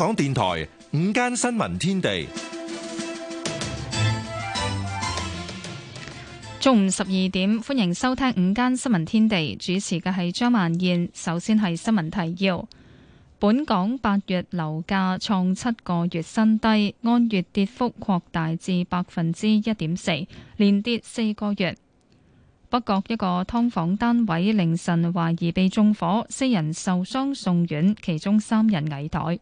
港電台午間新聞天地，中午十二點，歡迎收聽午間新聞天地。主持嘅係張曼燕。首先係新聞提要：本港八月樓價創七個月新低，按月跌幅擴大至百分之一點四，連跌四個月。北角一個劏房單位凌晨懷疑被縱火，四人受傷送院，其中三人危殆。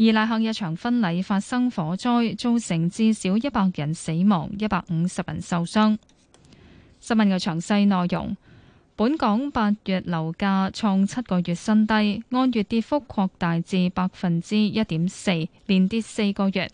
伊拉克一場婚禮發生火災，造成至少一百人死亡，一百五十人受傷。新聞嘅詳細內容：本港八月樓價創七個月新低，按月跌幅擴大至百分之一點四，連跌四個月。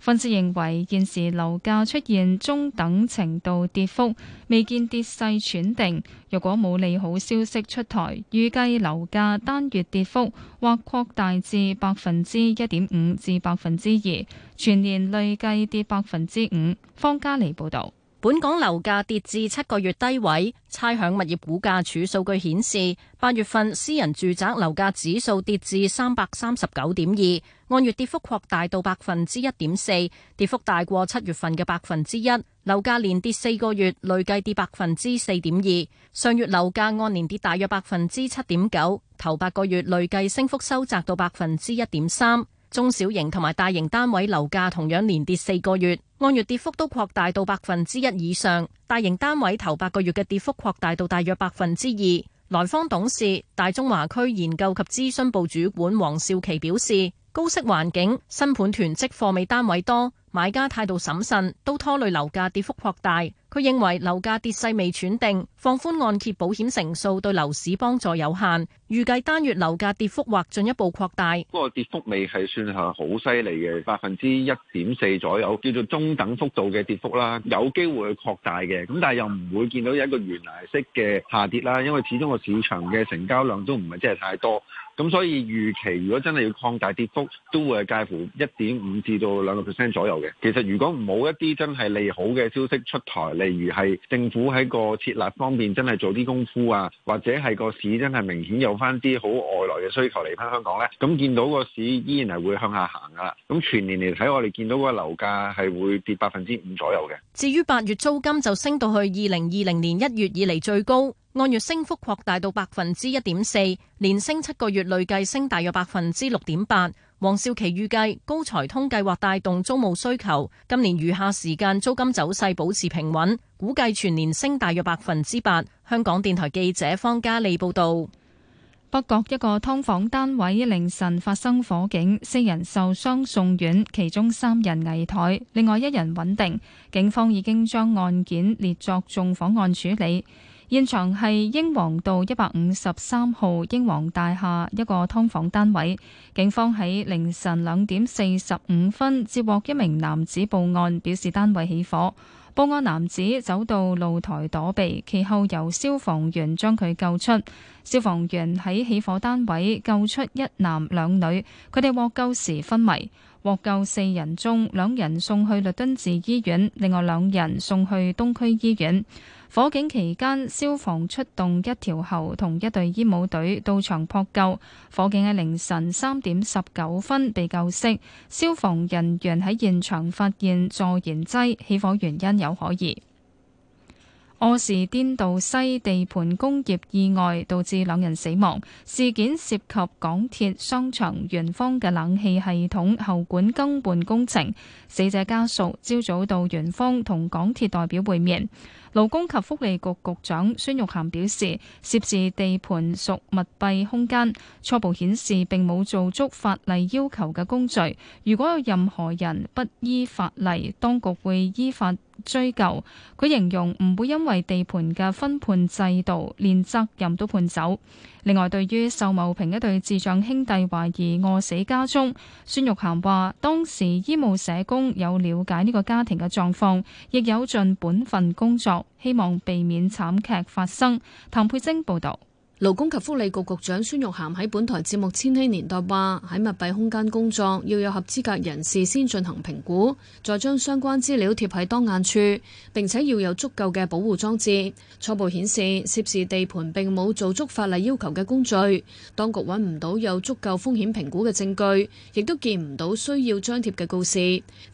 分析認為，現時樓價出現中等程度跌幅，未見跌勢喘定。若果冇利好消息出台，預計樓價單月跌幅或擴大至百分之一點五至百分之二，全年累計跌百分之五。方家莉報導。本港樓價跌至七個月低位，差餉物業估價署數據顯示，八月份私人住宅樓價指數跌至三百三十九點二，按月跌幅擴大到百分之一點四，跌幅大過七月份嘅百分之一。樓價連跌四個月，累計跌百分之四點二。上月樓價按年跌大約百分之七點九，頭八個月累計升幅收窄到百分之一點三。中小型同埋大型單位樓價同樣連跌四個月，按月跌幅都擴大到百分之一以上。大型單位頭八個月嘅跌幅擴大到大約百分之二。來方董事、大中華區研究及諮詢部主管黃少琪表示：高息環境、新盤囤積貨尾單位多，買家態度審慎，都拖累樓價跌幅擴大。佢認為樓價跌勢未斷定，放寬按揭保險成數對樓市幫助有限。預計單月樓價跌幅或進一步擴大。不過跌幅未係算係好犀利嘅，百分之一點四左右，叫做中等幅度嘅跌幅啦。有機會去擴大嘅，咁但係又唔會見到一個懸崖式嘅下跌啦。因為始終個市場嘅成交量都唔係真係太多，咁所以預期如果真係要擴大跌幅，都會係介乎一點五至到兩個 percent 左右嘅。其實如果冇一啲真係利好嘅消息出台，例如係政府喺個設立方面真係做啲功夫啊，或者係個市真係明顯有翻啲好外來嘅需求嚟翻香港呢？咁見到個市依然係會向下行噶啦。咁全年嚟睇，我哋見到個樓價係會跌百分之五左右嘅。至於八月租金就升到去二零二零年一月以嚟最高，按月升幅擴大到百分之一點四，連升七個月，累計升大約百分之六點八。黃少琪預計高財通計劃帶動租務需求，今年餘下時間租金走勢保持平穩，估計全年升大約百分之八。香港電台記者方嘉利報道。北角一個㓥房單位凌晨發生火警，四人受傷送院，其中三人危殆，另外一人穩定。警方已經將案件列作縱火案處理。現場係英皇道一百五十三號英皇大廈一個㓥房單位。警方喺凌晨兩點四十五分接獲一名男子報案，表示單位起火。報案男子走到露台躲避，其後由消防員將佢救出。消防員喺起火單位救出一男兩女，佢哋獲救時昏迷。獲救四人中，兩人送去律敦治醫院，另外兩人送去東區醫院。火警期間，消防出動一條喉同一隊煙帽隊到場撲救。火警喺凌晨三點十九分被救熄。消防人員喺現場發現助燃劑，起火原因有可疑。柯士甸道西地盤工業意外導致兩人死亡，事件涉及港鐵商場圓方嘅冷氣系統喉管更換工程，死者家屬朝早到圓方同港鐵代表會面。勞工及福利局局長孫玉菡表示，涉事地盤屬密閉空間，初步顯示並冇做足法例要求嘅工序。如果有任何人不依法例，當局會依法追究。佢形容唔會因為地盤嘅分判制度，連責任都判走。另外，對於秀茂坪一對智障兄弟懷疑餓，餓死家中，孫玉菡話：當時醫務社工有了解呢個家庭嘅狀況，亦有盡本份工作，希望避免慘劇發生。譚佩晶報導。勞工及福利局局長孫玉菡喺本台節目《千禧年代》話：喺密閉空間工作要有合資格人士先進行評估，再將相關資料貼喺當眼處，並且要有足夠嘅保護裝置。初步顯示，涉事地盤並冇做足法例要求嘅工序，當局揾唔到有足夠風險評估嘅證據，亦都見唔到需要張貼嘅告示。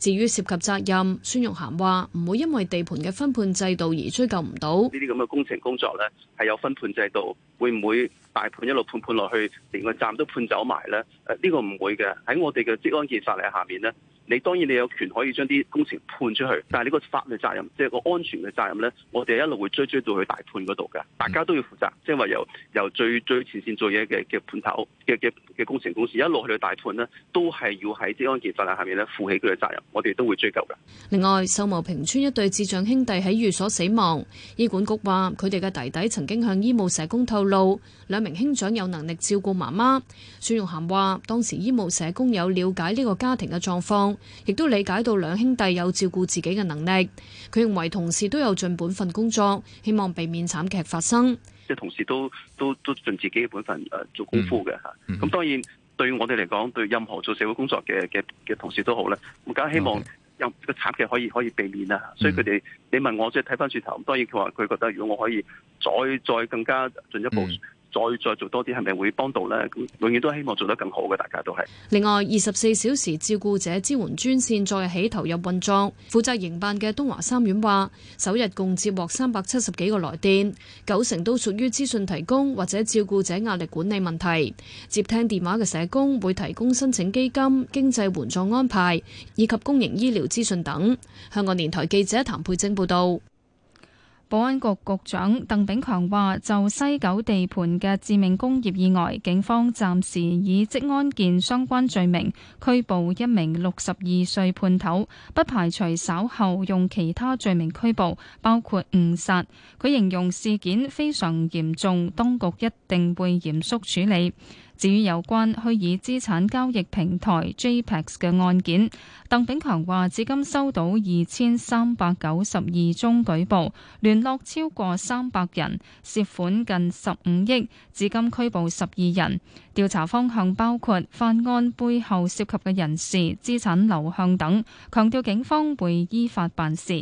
至於涉及責任，孫玉菡話唔會因為地盤嘅分判制度而追究唔到。呢啲咁嘅工程工作呢，係有分判制度。會唔會大判一路判判落去，連個站都判走埋咧？誒、呃，呢、這個唔會嘅，喺我哋嘅職安健法例下面咧。你當然你有權可以將啲工程判出去，但係呢個法律責任即係、就是、個安全嘅責任咧，我哋一路會追追到去大判嗰度嘅，大家都要負責，即係話由由最最前線做嘢嘅嘅判頭嘅嘅嘅工程公司一路去到大判呢，都係要喺啲安全法例下面咧負起佢嘅責任，我哋都會追究嘅。另外，秀茂坪村一對智障兄弟喺寓所死亡，醫管局話佢哋嘅弟弟曾經向醫務社工透露。兩名兄長有能力照顧媽媽。孫玉涵話，當時醫務社工有了解呢個家庭嘅狀況，亦都理解到兩兄弟有照顧自己嘅能力。佢認為同事都有盡本份工作，希望避免慘劇發生。即係同事都都都盡自己嘅本份誒、呃、做功夫嘅吓。咁、mm hmm. 當然對我哋嚟講對任何做社會工作嘅嘅嘅同事都好咧，咁梗係希望有個慘劇可以可以避免啦。所以佢哋，mm hmm. 你問我即係睇翻轉頭，當然佢話佢覺得如果我可以再再更加進一步。Mm hmm. 再再做多啲，係咪會幫到呢？永遠都希望做得更好嘅，大家都係。另外，二十四小時照顧者支援專線再起投入運作，負責營辦嘅東華三院話，首日共接獲三百七十幾個來電，九成都屬於資訊提供或者照顧者壓力管理問題。接聽電話嘅社工會提供申請基金、經濟援助安排以及公營醫療資訊等。香港電台記者譚佩晶報道。保安局局長鄧炳強話：就西九地盤嘅致命工業意外，警方暫時以職安健相關罪名拘捕一名六十二歲判頭，不排除稍後用其他罪名拘捕，包括誤殺。佢形容事件非常嚴重，當局一定會嚴肅處理。至於有關虛擬資產交易平台 JPEX 嘅案件，鄧炳強話：至今收到二千三百九十二宗舉報，聯絡超過三百人，涉款近十五億，至今拘捕十二人。調查方向包括犯案背後涉及嘅人士、資產流向等。強調警方會依法辦事。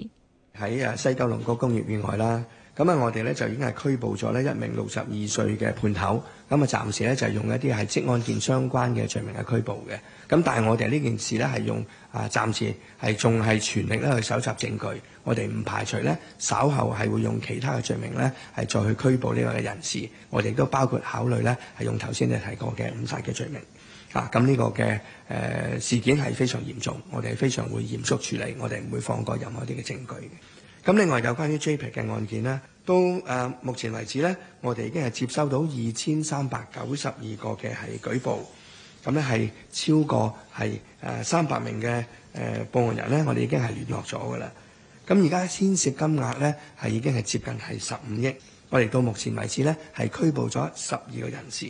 喺西九龍國工業以外啦。咁啊，我哋咧就已經係拘捕咗咧一名六十二歲嘅判頭。咁啊，暫時咧就係用一啲係即案件相關嘅罪名去拘捕嘅。咁但係我哋呢件事咧係用啊，暫時係仲係全力咧去搜集證據。我哋唔排除咧稍後係會用其他嘅罪名咧係再去拘捕呢個嘅人士。我哋都包括考慮咧係用頭先你提過嘅誤殺嘅罪名。啊，咁呢個嘅誒事件係非常嚴重，我哋非常會嚴肅處理，我哋唔會放過任何一啲嘅證據。咁另外有關於 J.P. 嘅案件咧，都誒，目前為止呢，我哋已經係接收到二千三百九十二個嘅係舉報，咁咧係超過係誒三百名嘅誒報案人咧，我哋已經係聯絡咗㗎啦。咁而家牽涉金額咧係已經係接近係十五億。我哋到目前為止咧係拘捕咗十二個人士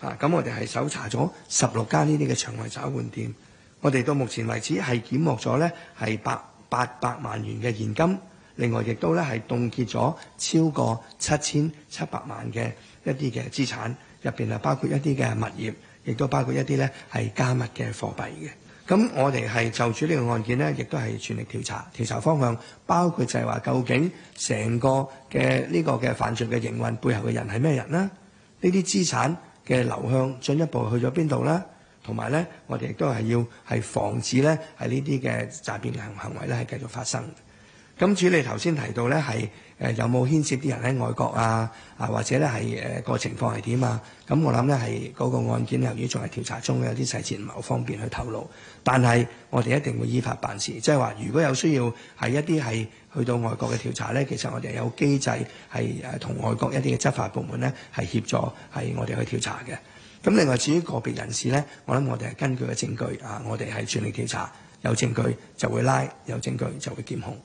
嚇，咁我哋係搜查咗十六間呢啲嘅場外找換店，我哋到,到目前為止係檢獲咗咧係八八百萬元嘅現金。另外，亦都咧係凍結咗超過七千七百萬嘅一啲嘅資產，入邊啊包括一啲嘅物業，亦都包括一啲咧係加密嘅貨幣嘅。咁我哋係就住呢個案件咧，亦都係全力調查，調查方向包括就係話究竟成個嘅呢個嘅犯罪嘅營運背後嘅人係咩人啦？呢啲資產嘅流向進一步去咗邊度啦？同埋咧，我哋亦都係要係防止咧係呢啲嘅詐騙行行為咧係繼續發生。咁至於你頭先提到咧，係誒、呃、有冇牽涉啲人喺外國啊？啊，或者咧係誒個情況係點啊？咁我諗咧係嗰個案件由於仲係調查中嘅，有啲細節唔係好方便去透露。但係我哋一定會依法辦事，即係話如果有需要係一啲係去到外國嘅調查咧，其實我哋有機制係誒同外國一啲嘅執法部門咧係協助係我哋去調查嘅。咁另外至於個別人士咧，我諗我哋係根據嘅證據啊，我哋係全力調查，有證據就會拉，有證據就會檢控。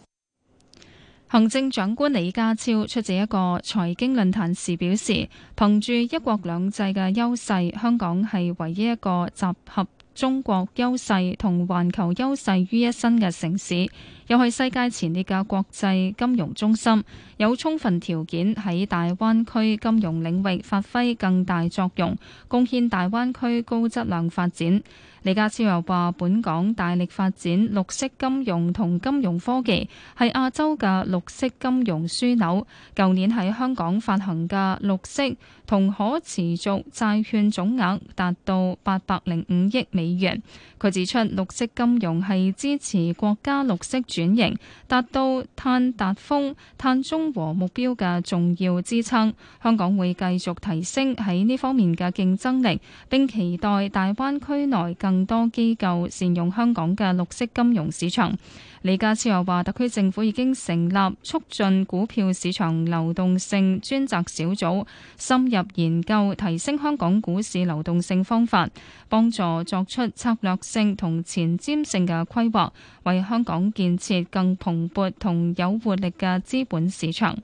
行政長官李家超出席一個財經論壇時表示，憑住一國兩制嘅優勢，香港係唯一一個集合中國優勢同環球優勢於一身嘅城市，又係世界前列嘅國際金融中心，有充分條件喺大灣區金融領域發揮更大作用，貢獻大灣區高質量發展。李家超又話本港大力發展綠色金融同金融科技，係亞洲嘅綠色金融樞紐，舊年喺香港發行嘅綠色同可持續債券總額達到八百零五億美元。佢指出，綠色金融係支持國家綠色轉型、達到碳達峰、碳中和目標嘅重要支撐，香港會繼續提升喺呢方面嘅競爭力，並期待大灣區內更多機構善用香港嘅綠色金融市場。李家超又話，特區政府已經成立促進股票市場流動性專責小組，深入研究提升香港股市流動性方法，幫助作出策略性同前瞻性嘅規劃，為香港建設更蓬勃同有活力嘅資本市場。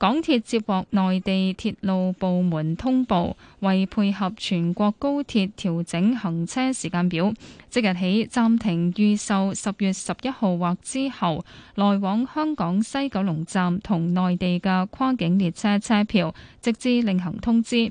港鐵接獲內地鐵路部門通報，為配合全國高鐵調整行車時間表，即日起暫停預售十月十一號或之後來往香港西九龍站同內地嘅跨境列車車票，直至另行通知。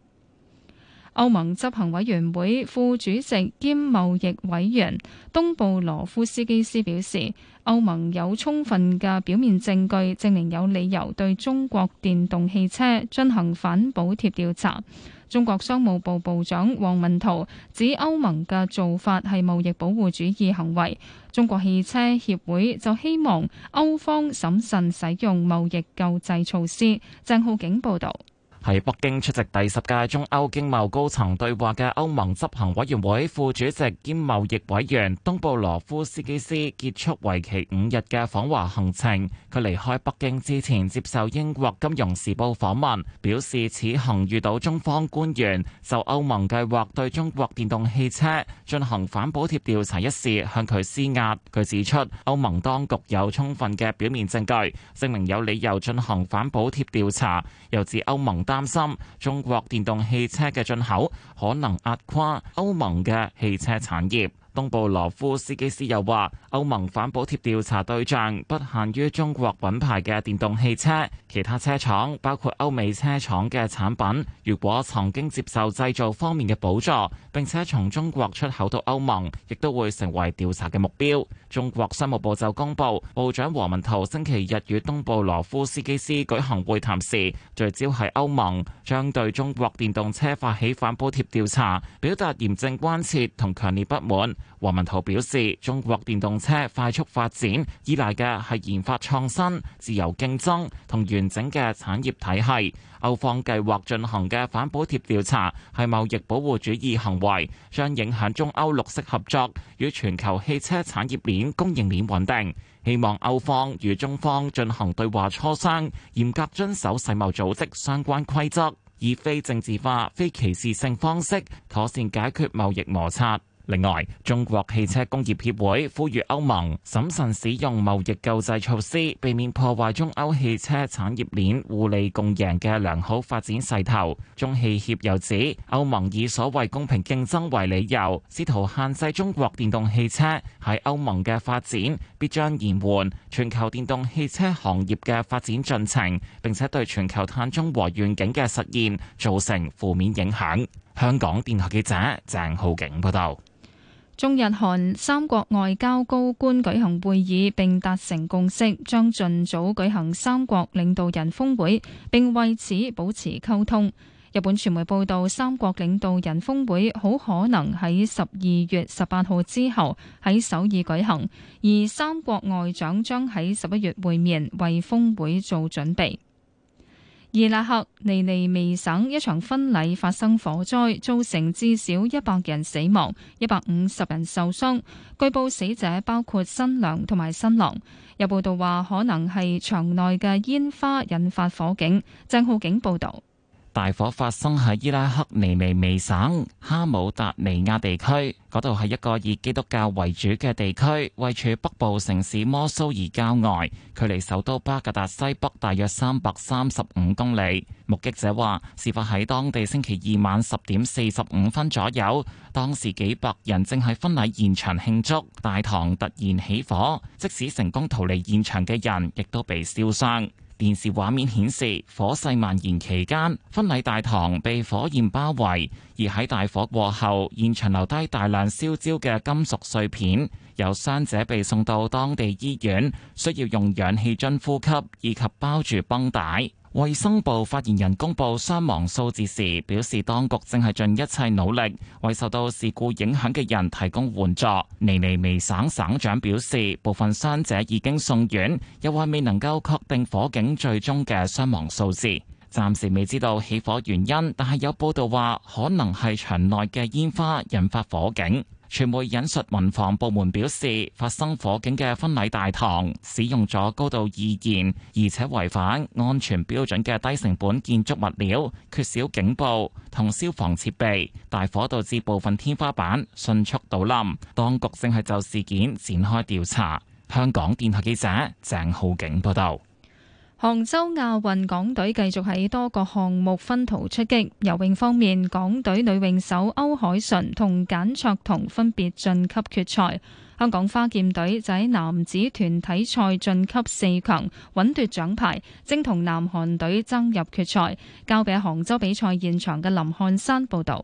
歐盟執行委員會副主席兼貿易委員東布羅夫斯基斯表示，歐盟有充分嘅表面證據，證明有理由對中國電動汽車進行反補貼調查。中國商務部部長王文濤指，歐盟嘅做法係貿易保護主義行為。中國汽車協會就希望歐方審慎使用貿易救濟措施。鄭浩景報道。喺北京出席第十屆中歐經貿高層對話嘅歐盟執行委員會副主席兼貿易委員東布羅夫斯基斯結束為期五日嘅訪華行程。佢離開北京之前接受英國金融時報訪問，表示此行遇到中方官員就歐盟計劃對中國電動汽車進行反補貼調查一事向佢施壓。佢指出，歐盟當局有充分嘅表面證據，證明有理由進行反補貼調查，又指歐盟擔心中國電動汽車嘅進口可能壓垮歐盟嘅汽車產業。東布羅夫斯基斯又話，歐盟反補貼調查對象不限於中國品牌嘅電動汽車，其他車廠包括歐美車廠嘅產品，如果曾經接受製造方面嘅補助，並且從中國出口到歐盟，亦都會成為調查嘅目標。中國商務部就公布，部長王文濤星期日與東布羅夫斯基斯舉行會談時，聚焦係歐盟將對中國電動車發起反補貼調查，表達嚴正關切同強烈不滿。王文濤表示，中國電動車快速發展依賴嘅係研發創新、自由競爭同完整嘅產業體系。歐方計劃進行嘅反補貼調查係貿易保護主義行為，將影響中歐綠色合作與全球汽車產業鏈供應鏈穩定。希望歐方與中方進行對話磋商，嚴格遵守世貿組織相關規則，以非政治化、非歧視性方式妥善解決貿易摩擦。另外，中國汽車工業協會呼籲歐盟審慎使用貿易救濟措施，避免破壞中歐汽車產業鏈互利共贏嘅良好發展勢頭。中汽協又指，歐盟以所謂公平競爭為理由，試圖限制中國電動汽車喺歐盟嘅發展，必將延緩全球電動汽車行業嘅發展進程，並且對全球碳中和願景嘅實現造成負面影響。香港電台記者鄭浩景報道，中日韓三國外交高官舉行會議，並達成共識，將盡早舉行三國領導人峰會，並為此保持溝通。日本傳媒報道，三國領導人峰會好可能喺十二月十八號之後喺首爾舉行，而三國外長將喺十一月會面為峰會做準備。伊拉克尼尼微省一場婚禮發生火災，造成至少一百人死亡、一百五十人受傷，據報死者包括新娘同埋新郎。有報道話可能係場內嘅煙花引發火警。鄭浩景報道。大火發生喺伊拉克尼尼微省哈姆達尼亞地區，嗰度係一個以基督教為主嘅地區，位處北部城市摩蘇爾郊外，距離首都巴格達西北大約三百三十五公里。目擊者話，事發喺當地星期二晚十點四十五分左右，當時幾百人正喺婚禮現場慶祝，大堂突然起火，即使成功逃離現場嘅人，亦都被燒傷。電視畫面顯示，火勢蔓延期間，婚禮大堂被火焰包圍，而喺大火過後，現場留低大量燒焦嘅金屬碎片，有傷者被送到當地醫院，需要用氧氣樽呼吸，以及包住繃帶。衛生部發言人公布傷亡數字時，表示當局正係盡一切努力為受到事故影響嘅人提供援助。尼尼微省省，省長表示，部分傷者已經送院，又話未能夠確定火警最終嘅傷亡數字。暫時未知道起火原因，但係有報道話可能係場內嘅煙花引發火警。傳媒引述民防部門表示，發生火警嘅婚禮大堂使用咗高度易燃而且違反安全標準嘅低成本建築物料，缺少警報同消防設備，大火導致部分天花板迅速倒冧。當局正係就事件展開調查。香港電台記者鄭浩景報道。杭州亞運，港隊繼續喺多個項目分途出擊。游泳方面，港隊女泳手歐海純同簡卓彤分別晉級決賽。香港花劍隊就喺男子團體賽晉級四強，穩奪獎牌，正同南韓隊爭入決賽。交俾杭州比賽現場嘅林漢山報道。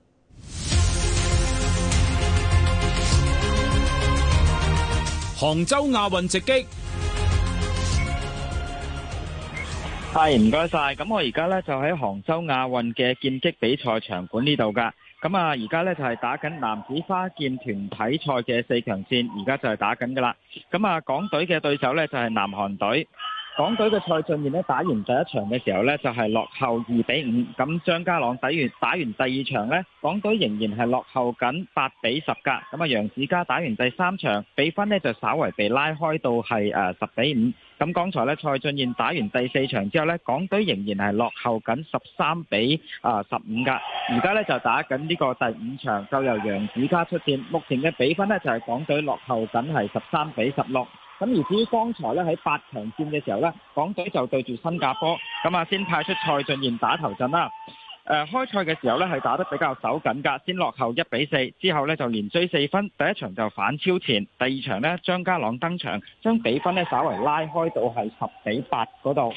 杭州亞運直擊。係唔該晒，咁我而家呢就喺杭州亞運嘅劍擊比賽場館，啊、呢度噶，咁啊而家呢就係、是、打緊男子花劍團體賽嘅四強戰，而家就係打緊噶啦，咁啊港隊嘅對手呢就係、是、南韓隊。港隊嘅蔡俊彥呢，打完第一場嘅時候呢，就係落後二比五。咁張家朗打完打完第二場呢，港隊仍然係落後緊八比十噶。咁啊，楊子嘉打完第三場，比分呢就稍為被拉開到係誒十比五。咁剛才呢，蔡俊彥打完第四場之後呢，港隊仍然係落後緊十三比啊十五噶。而家呢，就打緊呢個第五場，就由楊子嘉出戰。目前嘅比分呢，就係港隊落後緊係十三比十六。咁而至於剛才咧喺八強戰嘅時候咧，港隊就對住新加坡，咁啊先派出蔡俊賢打頭陣啦。誒、呃、開賽嘅時候呢，係打得比較手緊㗎，先落後一比四，之後呢，就連追四分，第一場就反超前，第二場呢，張家朗登場將比分呢稍微拉開到係十比八嗰度。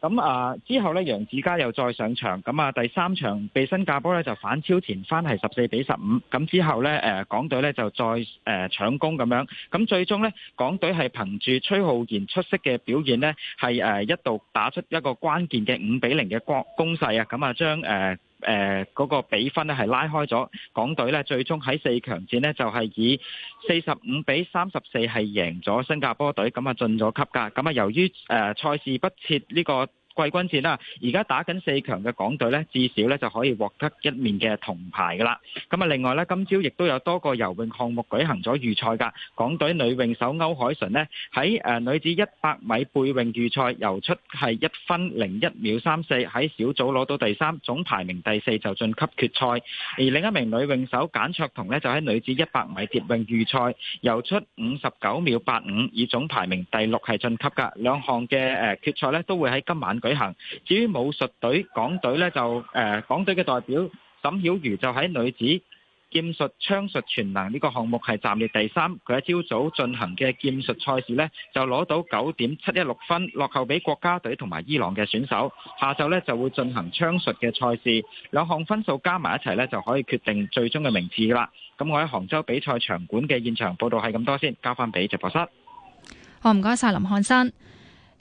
咁、嗯、啊，之後咧，楊子嘉又再上場，咁、嗯、啊，第三場被新加坡咧就反超前翻15、嗯，係十四比十五。咁之後咧，誒港隊咧就再誒搶攻咁樣，咁最終咧，港隊係、呃嗯、憑住崔浩然出色嘅表現咧，係誒、呃、一度打出一個關鍵嘅五比零嘅攻攻勢啊！咁、嗯、啊，將誒。呃誒嗰、呃那個比分咧係拉開咗，港隊咧最終喺四強戰咧就係、是、以四十五比三十四係贏咗新加坡隊。咁啊進咗級噶。咁啊由於誒賽事不設呢、這個。季軍戰啦，而家打緊四強嘅港隊呢，至少呢就可以獲得一面嘅銅牌噶啦。咁啊，另外呢，今朝亦都有多個游泳項目舉行咗預賽噶。港隊女泳手歐鎧淳呢，喺誒女子一百米背泳預賽游出係一分零一秒三四，喺小組攞到第三，總排名第四就晉級決賽。而另一名女泳手簡卓彤呢，就喺女子一百米蝶泳預賽游出五十九秒八五，以總排名第六係晉級噶。兩項嘅誒決賽呢，都會喺今晚舉行。至於武術隊，港隊呢，就誒、呃，港隊嘅代表沈曉瑜就喺女子劍術、槍術全能呢個項目係暫列第三。佢喺朝早進行嘅劍術賽事呢，就攞到九點七一六分，落後俾國家隊同埋伊朗嘅選手。下晝呢就會進行槍術嘅賽事，兩項分數加埋一齊呢，就可以決定最終嘅名次㗎啦。咁我喺杭州比賽場館嘅現場報道係咁多先交，交翻，俾直播室。好，唔該晒林漢山。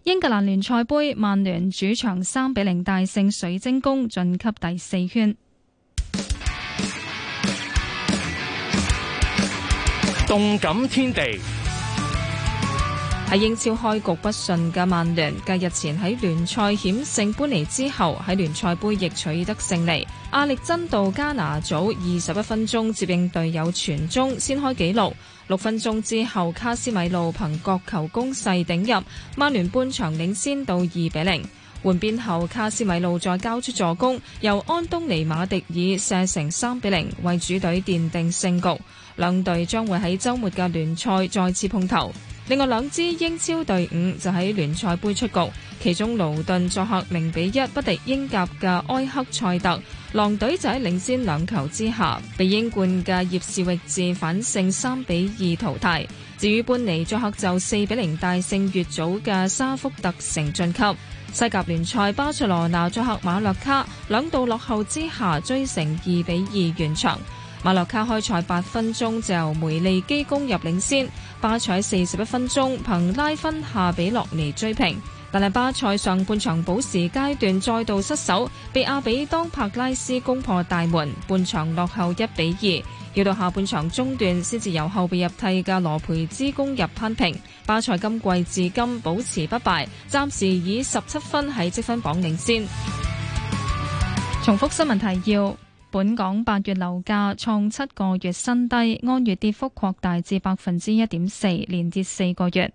英格蘭聯賽盃，曼聯主場三比零大勝水晶宮，晉級第四圈。動感天地。喺英超開局不順嘅曼聯，繼日前喺聯賽險勝般尼之後，喺聯賽盃亦取得勝利。阿力真道加拿祖二十一分鐘接應隊友傳中，先開紀錄。六分鐘之後，卡斯米路憑角球攻勢頂入，曼聯半場領先到二比零。換邊後，卡斯米路再交出助攻，由安東尼馬迪爾射成三比零，為主隊奠定勝局。兩隊將會喺週末嘅聯賽再次碰頭。另外兩支英超隊伍就喺聯賽杯出局，其中勞頓作客零比一不敵英甲嘅埃克塞特。狼隊就喺領先兩球之下，被英冠嘅葉士域治反勝三比二淘汰。至於班尼作客就四比零大勝乙組嘅沙福特城晉級。西甲聯賽巴塞羅那作客馬洛卡，兩度落後之下追成二比二完場。馬洛卡開賽八分鐘就由梅利基攻入領先，巴塞四十一分鐘憑拉芬夏比洛尼追平。但係巴塞上半場補時階段再度失守，被阿比當帕拉斯攻破大門，半場落後一比二。要到下半場中段，先至由後備入替嘅羅培茲攻入扳平。巴塞今季至今保持不敗，暫時以十七分喺積分榜領先。重複新聞提要，本港八月樓價創七個月新低，按月跌幅擴大至百分之一點四，連跌四個月。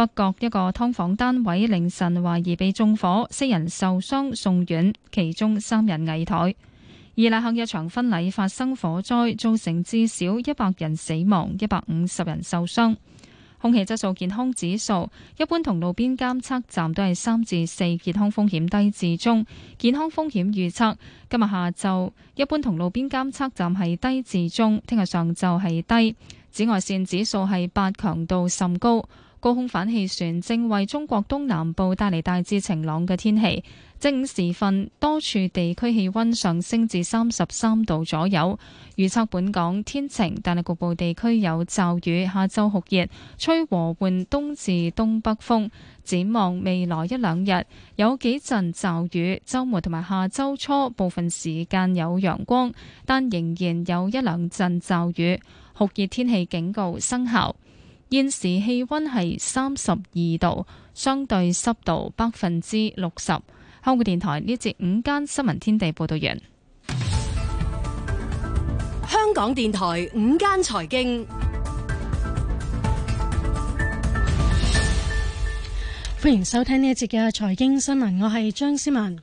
北角一個劏房單位凌晨懷疑被縱火，四人受傷送院，其中三人危殆。伊拉克一場婚禮發生火災，造成至少一百人死亡，一百五十人受傷。空氣質素健康指數一般同路邊監測站都係三至四，健康風險低至中。健康風險預測今日下晝一般同路邊監測站係低至中，聽日上晝係低。紫外線指數係八，強度甚高。高空反氣旋正為中國東南部帶嚟大致晴朗嘅天氣。正午時分，多處地區氣温上升至三十三度左右。預測本港天晴，但係局部地區有驟雨。下週酷熱，吹和緩東至東北風。展望未來一兩日，有幾陣驟雨。週末同埋下週初部分時間有陽光，但仍然有一兩陣驟雨。酷熱天氣警告生效。現時氣溫係三十二度，相對濕度百分之六十。香港電台呢節午間新聞天地報道員，香港電台午間財經，歡迎收聽呢一節嘅財經新聞，我係張思文。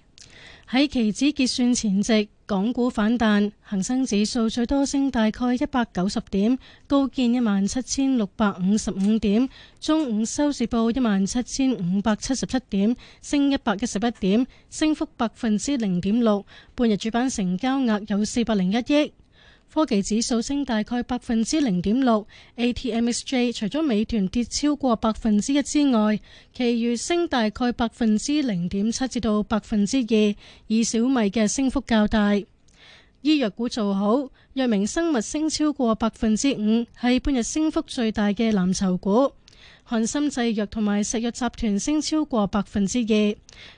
喺期指結算前夕，港股反彈，恒生指數最多升大概一百九十點，高見一萬七千六百五十五點。中午收市報一萬七千五百七十七點，升一百一十一點，升幅百分之零點六。半日主板成交額有四百零一億。科技指數升大概百分之零點六。ATMXJ 除咗美團跌超過百分之一之外，其餘升大概百分之零點七至到百分之二，以小米嘅升幅較大。醫藥股做好，藥明生物升超過百分之五，係半日升幅最大嘅藍籌股。翰森製藥同埋石藥集團升超過百分之二，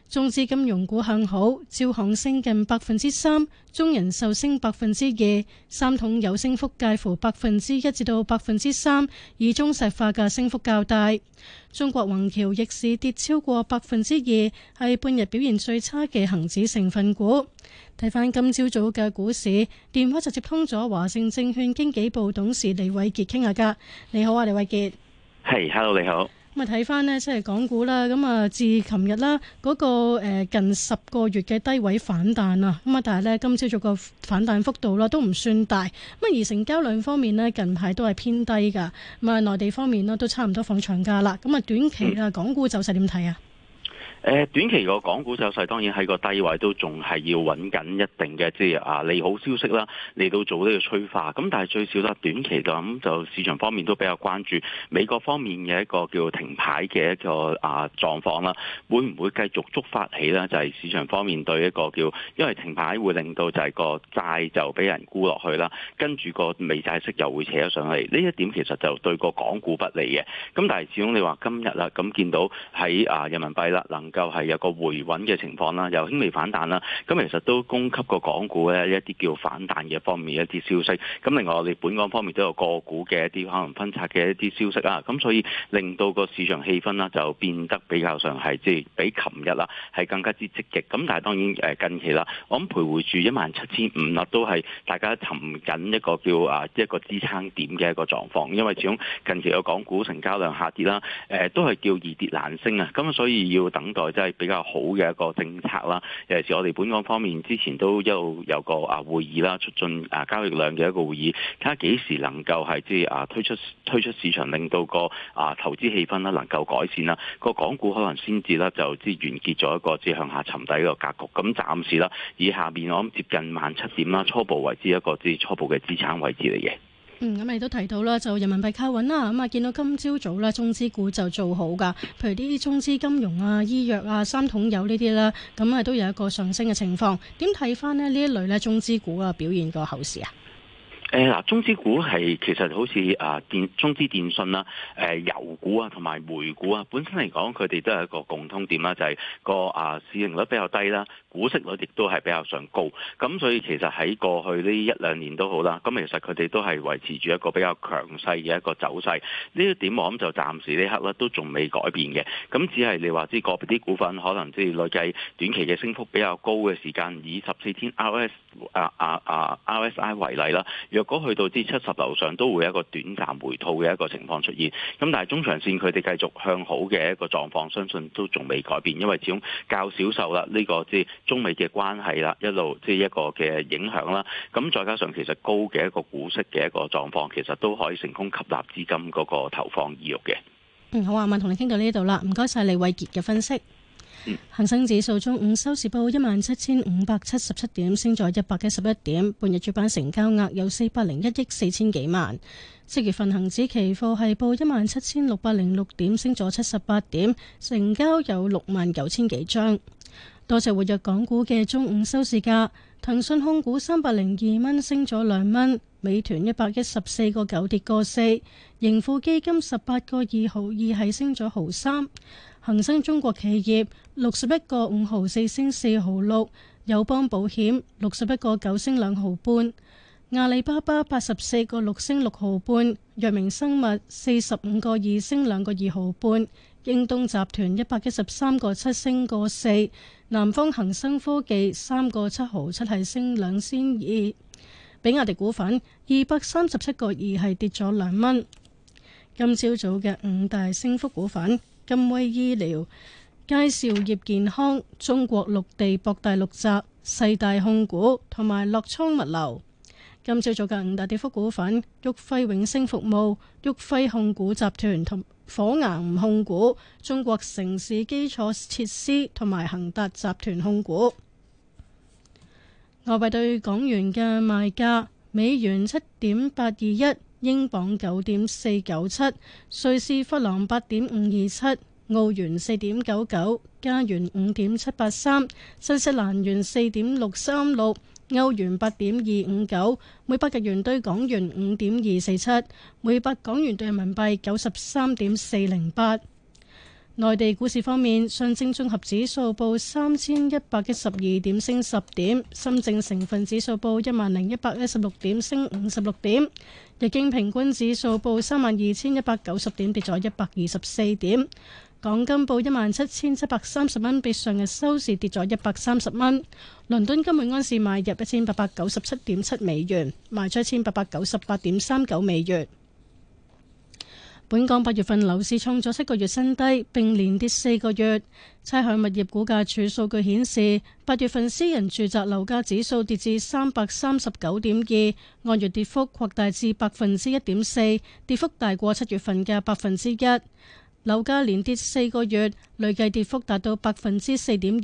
中資金融股向好，招行升近百分之三，中人壽升百分之二，三桶油升幅介乎百分之一至到百分之三，以中石化嘅升幅較大。中國宏橋逆市跌超過百分之二，係半日表現最差嘅恒指成分股。睇翻今朝早嘅股市，電話就接通咗華盛證券經紀部董事李偉傑傾下噶。你好啊，李偉傑。係、hey，hello 你好。咁啊，睇翻咧，即係港股啦。咁啊，至琴日啦，嗰個誒近十個月嘅低位反彈啦。咁啊，但係呢，今朝早個反彈幅度啦，都唔算大。咁而成交量方面呢，近排都係偏低噶。咁啊，內地方面咧，都差唔多放長假啦。咁啊，短期啦，嗯、港股走勢點睇啊？誒短期個港股走勢當然喺個低位都仲係要揾緊一定嘅即係啊利好消息啦，嚟到做呢個催化。咁但係最少啦，短期就咁就市場方面都比較關注美國方面嘅一個叫停牌嘅一個啊狀況啦，會唔會繼續觸發起咧？就係、是、市場方面對一個叫因為停牌會令到就係個債就俾人沽落去啦，跟住個美債息又會扯咗上嚟。呢一點其實就對個港股不利嘅。咁但係始終你話今日啦，咁見到喺啊人民幣啦能。就係有個回穩嘅情況啦，又輕微反彈啦，咁其實都供給個港股咧一啲叫反彈嘅方面一啲消息。咁另外我哋本港方面都有個股嘅一啲可能分拆嘅一啲消息啊，咁所以令到個市場氣氛啦就變得比較上係即係比琴日啦係更加之積極。咁但係當然誒近期啦，我諗徘徊住一萬七千五啊，都係大家尋緊一個叫啊一個支撐點嘅一個狀況，因為始終近期個港股成交量下跌啦，誒都係叫易跌難升啊，咁所以要等。即係比較好嘅一個政策啦，尤其是我哋本港方面之前都一路有個啊會議啦，促進啊交易量嘅一個會議，睇下幾時能夠係即係啊推出推出市場，令到個啊投資氣氛啦能夠改善啦，個港股可能先至啦就即係完結咗一個即係向下沉底嘅格局。咁暫時啦，以下面我諗接近萬七點啦，初步為之一個即係初步嘅資產位置嚟嘅。嗯，咁你都提到啦，就人民幣靠穩啦，咁、嗯、啊見到今朝早咧，中資股就做好噶，譬如呢啲中資金融啊、醫藥啊、三桶油呢啲啦，咁啊都有一個上升嘅情況。點睇翻呢？呢一類咧中資股啊表現個後市啊？誒嗱，中資股係其實好似啊電中資電信啦，誒油股啊，同埋煤股啊，本身嚟講佢哋都係一個共通點啦，就係個啊市盈率比較低啦，股息率亦都係比較上高。咁所以其實喺過去呢一兩年都好啦，咁其實佢哋都係維持住一個比較強勢嘅一個走勢。呢一點我諗就暫時呢刻咧都仲未改變嘅，咁只係你話知個別啲股份可能即係累計短期嘅升幅比較高嘅時間，以十四天 RS 啊啊啊 RSI 為例啦。若果去到至七十樓上，都會有一個短暫回吐嘅一個情況出現。咁但係中長線，佢哋繼續向好嘅一個狀況，相信都仲未改變，因為始終較少受啦呢個即係中美嘅關係啦，一路即係一個嘅影響啦。咁再加上其實高嘅一個股息嘅一個狀況，其實都可以成功吸納資金嗰個投放意欲嘅。嗯，好啊，咁同你傾到呢度啦，唔該晒李偉傑嘅分析。恒生指數中午收市報一萬七千五百七十七點，升咗一百一十一點。半日主板成交額有四百零一億四千幾萬。七月份恒指期貨係報一萬七千六百零六點，升咗七十八點，成交有六萬九千幾張。多隻活躍港股嘅中午收市價，騰訊控股三百零二蚊，升咗兩蚊；美團一百一十四個九，跌個四；盈富基金十八個二毫二，係升咗毫三。恒生中國企業六十一個五毫四升四毫六，友邦保險六十一個九升兩毫半，阿里巴巴八十四個六升六毫半，6. 6. 藥明生物四十五個二升兩個二毫半，2. 2. 2. 京東集團一百一十三個七升個四，南方恒生科技三個七毫七係升兩仙二，比亞迪股份二百三十七個二係跌咗兩蚊。今朝早嘅五大升幅股份。金威醫療、佳兆業健康、中國陸地博大、六集、世大控股、同埋樂倉物流。今朝早嘅五大跌幅股份：旭輝永升服務、旭輝控股集團、同火岩控股、中國城市基礎設施、同埋恒達集團控股。外幣對港元嘅賣價：美元七點八二一。英鎊九點四九七，瑞士法郎八點五二七，澳元四點九九，加元五點七八三，新西蘭元四點六三六，歐元八點二五九，每百日元兌港元五點二四七，每百港元兌人民幣九十三點四零八。內地股市方面，上證綜合指數報三千一百一十二點，升十點；深證成分指數報一萬零一百一十六點，升五十六點；日經平均指數報三萬二千一百九十點，跌咗一百二十四點；港金報一萬七千七百三十蚊，比上日收市跌咗一百三十蚊；倫敦金每盎司買入一千八百九十七點七美元，賣出一千八百九十八點三九美元。本港八月份樓市創咗七個月新低，並連跌四個月。差餉物業估價署數據顯示，八月份私人住宅樓價指數跌至三百三十九點二，按月跌幅擴大至百分之一點四，跌幅大過七月份嘅百分之一。樓價連跌四個月，累計跌幅達到百分之四點二。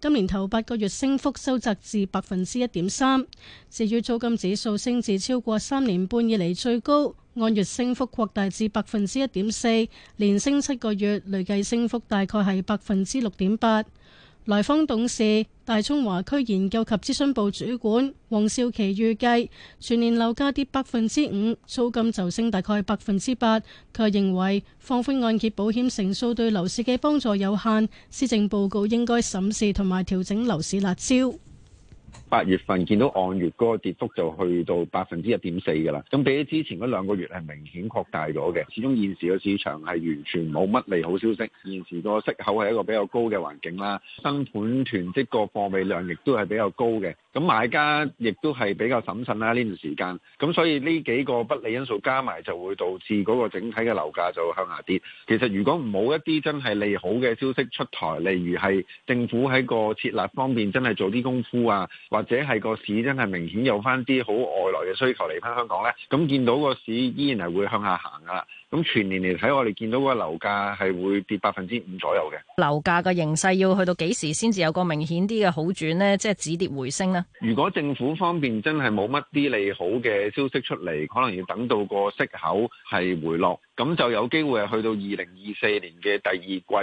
今年頭八個月升幅收窄至百分之一點三。至於租金指數升至超過三年半以嚟最高，按月升幅擴大至百分之一點四，連升七個月，累計升幅大概係百分之六點八。萊坊董事、大中華區研究及諮詢部主管黃少琪預計，全年樓價跌百分之五，租金就升大概百分之八。佢認為放寬按揭保險成數對樓市嘅幫助有限，施政報告應該審視同埋調整樓市辣招。八月份見到按月嗰個跌幅就去到百分之一點四㗎啦，咁比起之前嗰兩個月係明顯擴大咗嘅。始終現時個市場係完全冇乜利好消息，現時個息口係一個比較高嘅環境啦，新盤囤積個貨尾量亦都係比較高嘅，咁買家亦都係比較審慎啦呢段時間，咁所以呢幾個不利因素加埋就會導致嗰個整體嘅樓價就向下跌。其實如果冇一啲真係利好嘅消息出台，例如係政府喺個設立方面真係做啲功夫啊，或者係個市真係明顯有翻啲好外來嘅需求嚟翻香港呢，咁見到個市依然係會向下行噶喇。咁全年嚟睇，我哋見到個樓價係會跌百分之五左右嘅。樓價嘅形勢，要去到幾時先至有個明顯啲嘅好轉咧？即係止跌回升咧？如果政府方面真係冇乜啲利好嘅消息出嚟，可能要等到個息口係回落，咁就有機會係去到二零二四年嘅第二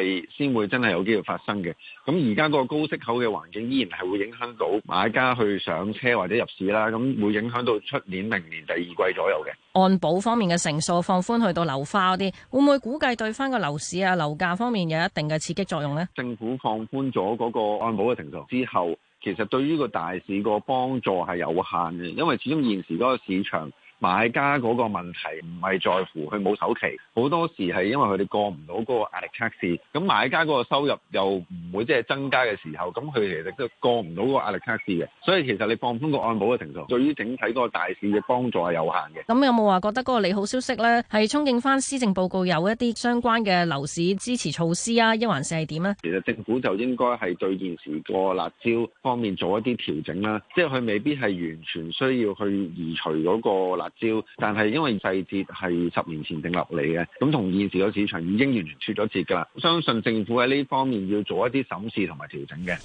季先會真係有機會發生嘅。咁而家個高息口嘅環境依然係會影響到買家去上車或者入市啦，咁會影響到出年明年第二季左右嘅。按保方面嘅成數放寬去到樓花嗰啲，會唔會估計對翻個樓市啊，樓價方面有一定嘅刺激作用呢？政府放寬咗嗰個按保嘅成數之後，其實對於個大市個幫助係有限嘅，因為始終現時嗰個市場。買家嗰個問題唔係在乎佢冇首期，好多時係因為佢哋過唔到嗰個壓力測試。咁買家嗰個收入又唔會即係增加嘅時候，咁佢其實都過唔到嗰個壓力測試嘅。所以其實你放寬個按保嘅程度，對於整體嗰個大市嘅幫助係有限嘅。咁有冇話覺得嗰個利好消息呢？係憧憬翻施政報告有一啲相關嘅樓市支持措施啊？一還是係點啊？其實政府就應該係對現時個辣招方面做一啲調整啦。即係佢未必係完全需要去移除嗰個辣照，但係因為細節係十年前定落嚟嘅，咁同現時個市場已經完全脱咗節㗎啦。相信政府喺呢方面要做一啲審視同埋調整嘅。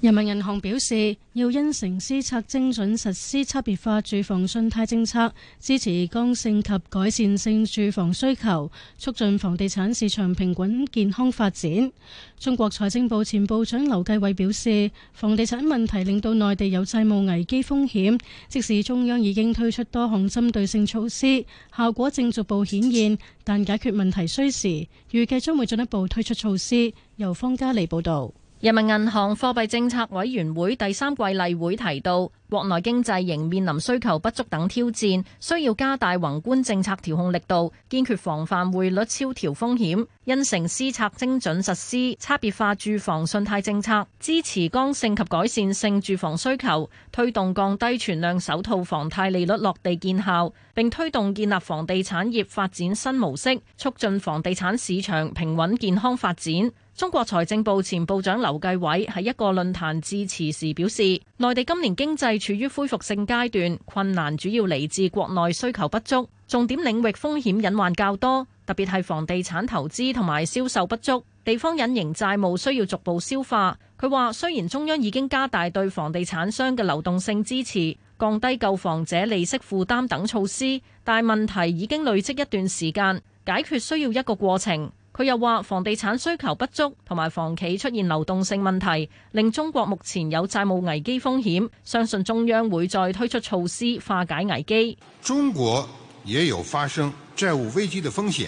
人民銀行表示要因城施策，精準實施差別化住房信貸政策，支持剛性及改善性住房需求，促進房地產市場平穩健康發展。中國財政部前部長劉繼偉表示，房地產問題令到內地有債務危機風險，即使中央已經推出多項針對性措施，效果正逐步顯現，但解決問題需時，預計將會進一步推出措施。由方家利報道。人民銀行貨幣政策委員會第三季例會提到，國內經濟仍面臨需求不足等挑戰，需要加大宏觀政策調控力度，堅決防範匯率超調風險。因城施策，精準實施差別化住房信貸政策，支持剛性及改善性住房需求，推動降低存量首套房貸利率落地見效，並推動建立房地產業發展新模式，促進房地產市場平穩健康發展。中國財政部前部長劉繼偉喺一個論壇致辭時表示，內地今年經濟處於恢復性階段，困難主要嚟自國內需求不足，重點領域風險隱患較多，特別係房地產投資同埋銷售不足，地方隱形債務需要逐步消化。佢話雖然中央已經加大對房地產商嘅流動性支持、降低購房者利息負擔等措施，但係問題已經累積一段時間，解決需要一個過程。佢又話：房地產需求不足同埋房企出現流動性問題，令中國目前有債務危機風險。相信中央會再推出措施化解危機。中國也有發生債務危機的風險，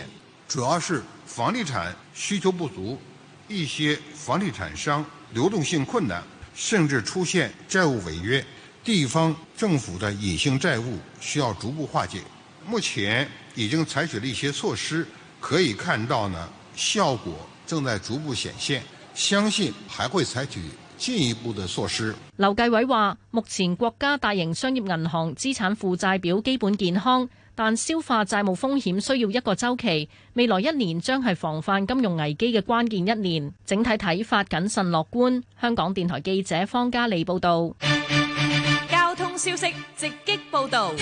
主要是房地產需求不足，一些房地產商流動性困難，甚至出現債務違約。地方政府的隱性債務需要逐步化解。目前已經採取了一些措施。可以看到呢，效果正在逐步顯現，相信還會採取進一步的措施。劉繼偉話：目前國家大型商業銀行資產負債表基本健康，但消化債務風險需要一個週期。未來一年將係防範金融危機嘅關鍵一年。整體睇法謹慎樂觀。香港電台記者方嘉莉報道。交通消息直擊報道。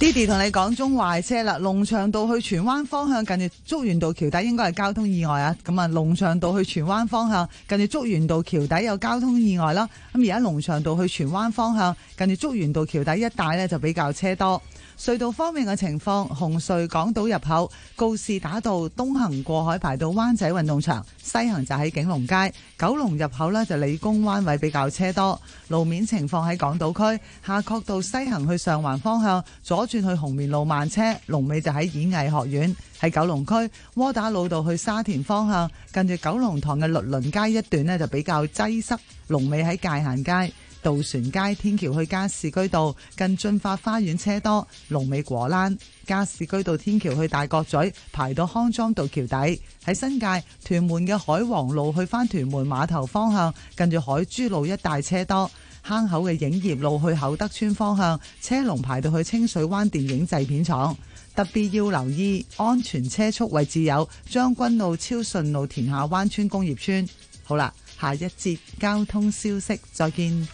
Didi 同你講中壞車啦，龍翔道去荃灣方向近住竹園道橋底應該係交通意外啊！咁啊，龍翔道去荃灣方向近住竹園道橋底有交通意外啦。咁而家龍翔道去荃灣方向近住竹園道橋底一帶咧就比較車多。隧道方面嘅情況，紅隧港島入口告士打道東行過海排到灣仔運動場，西行就喺景隆街；九龍入口呢，就理工灣位比較車多，路面情況喺港島區下角道西行去上環方向，左轉去紅棉路慢車，龍尾就喺演藝學院喺九龍區；窩打老道去沙田方向，近住九龍塘嘅律倫街一段呢，就比較擠塞，龍尾喺界限街。渡船街天橋去加士居道近駿發花園車多，龍尾果欄；加士居道天橋去大角咀排到康莊道橋底。喺新界屯門嘅海王路去返屯門碼頭方向，近住海珠路一帶車多。坑口嘅影業路去厚德村方向車龍排到去清水灣電影製片廠。特別要留意安全車速位置有將軍路、超順路、田下灣村工業村。好啦，下一節交通消息再見。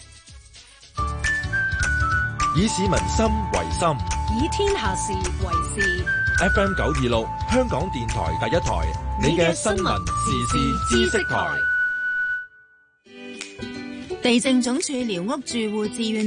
以市民心為心，以天下事為事。FM 九二六，香港電台第一台，你嘅新聞時事知識台。地政總署寮屋住戶自願。